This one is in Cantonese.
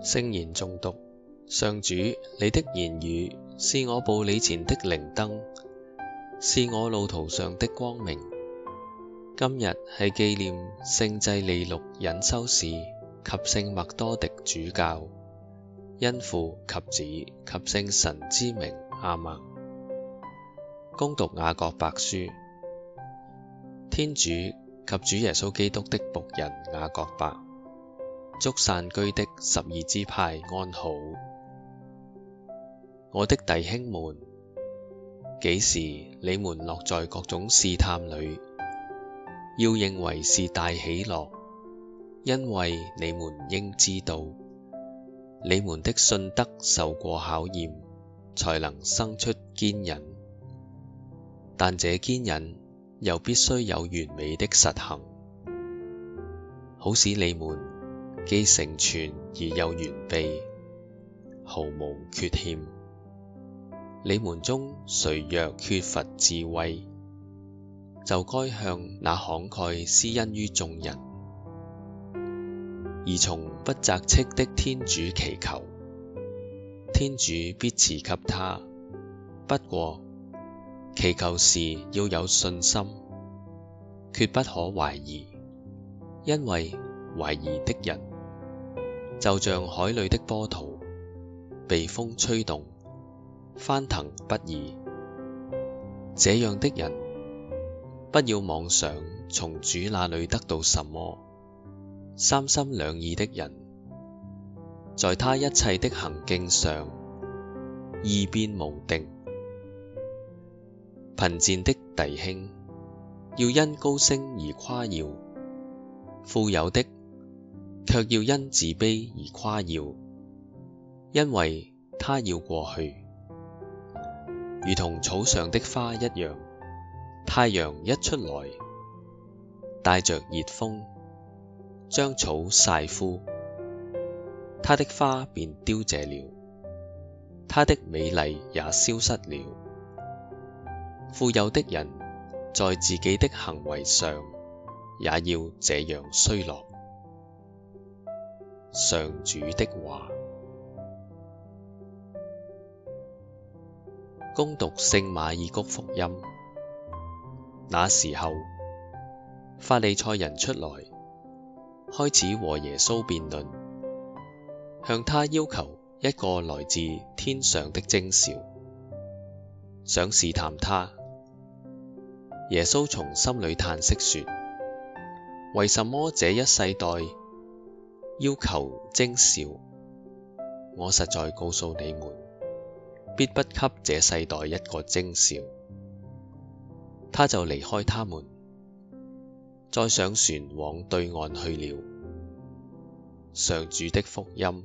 聖言誦讀，上主，你的言語是我步履前的靈燈，是我路途上的光明。今日係紀念聖濟利祿隱修士及聖默多狄主教，恩父及子及聖神之名，阿們。恭讀雅各伯書，天主及主耶穌基督的僕人雅各伯。祝散居的十二支派安好，我的弟兄們，幾時你們落在各種試探裏，要認為是大喜樂，因為你們應知道，你們的信德受過考驗，才能生出堅忍，但這堅忍又必須有完美的實行，好使你們。既成全而又完備，毫無缺欠。你們中誰若缺乏智慧，就該向那慷慨施恩於眾人，而從不責斥的天主祈求，天主必賜給他。不過，祈求時要有信心，決不可懷疑，因為懷疑的人。就像海裏的波濤，被風吹動，翻騰不已。這樣的人，不要妄想從主那裏得到什麼。三心兩意的人，在他一切的行徑上，易變無定。貧賤的弟兄，要因高升而誇耀；富有的，卻要因自卑而誇耀，因為他要過去，如同草上的花一樣。太陽一出來，帶着熱風，將草曬枯，它的花便凋謝了，它的美麗也消失了。富有的人在自己的行為上，也要這樣衰落。上主的話，恭讀聖馬爾谷福音。那時候，法利塞人出來，開始和耶穌辯論，向他要求一個來自天上的徵兆，想試探他。耶穌從心裏嘆息說：為什麼這一世代要求徵兆，我實在告訴你們，必不給這世代一個徵兆。他就離開他們，再上船往對岸去了。上主的福音。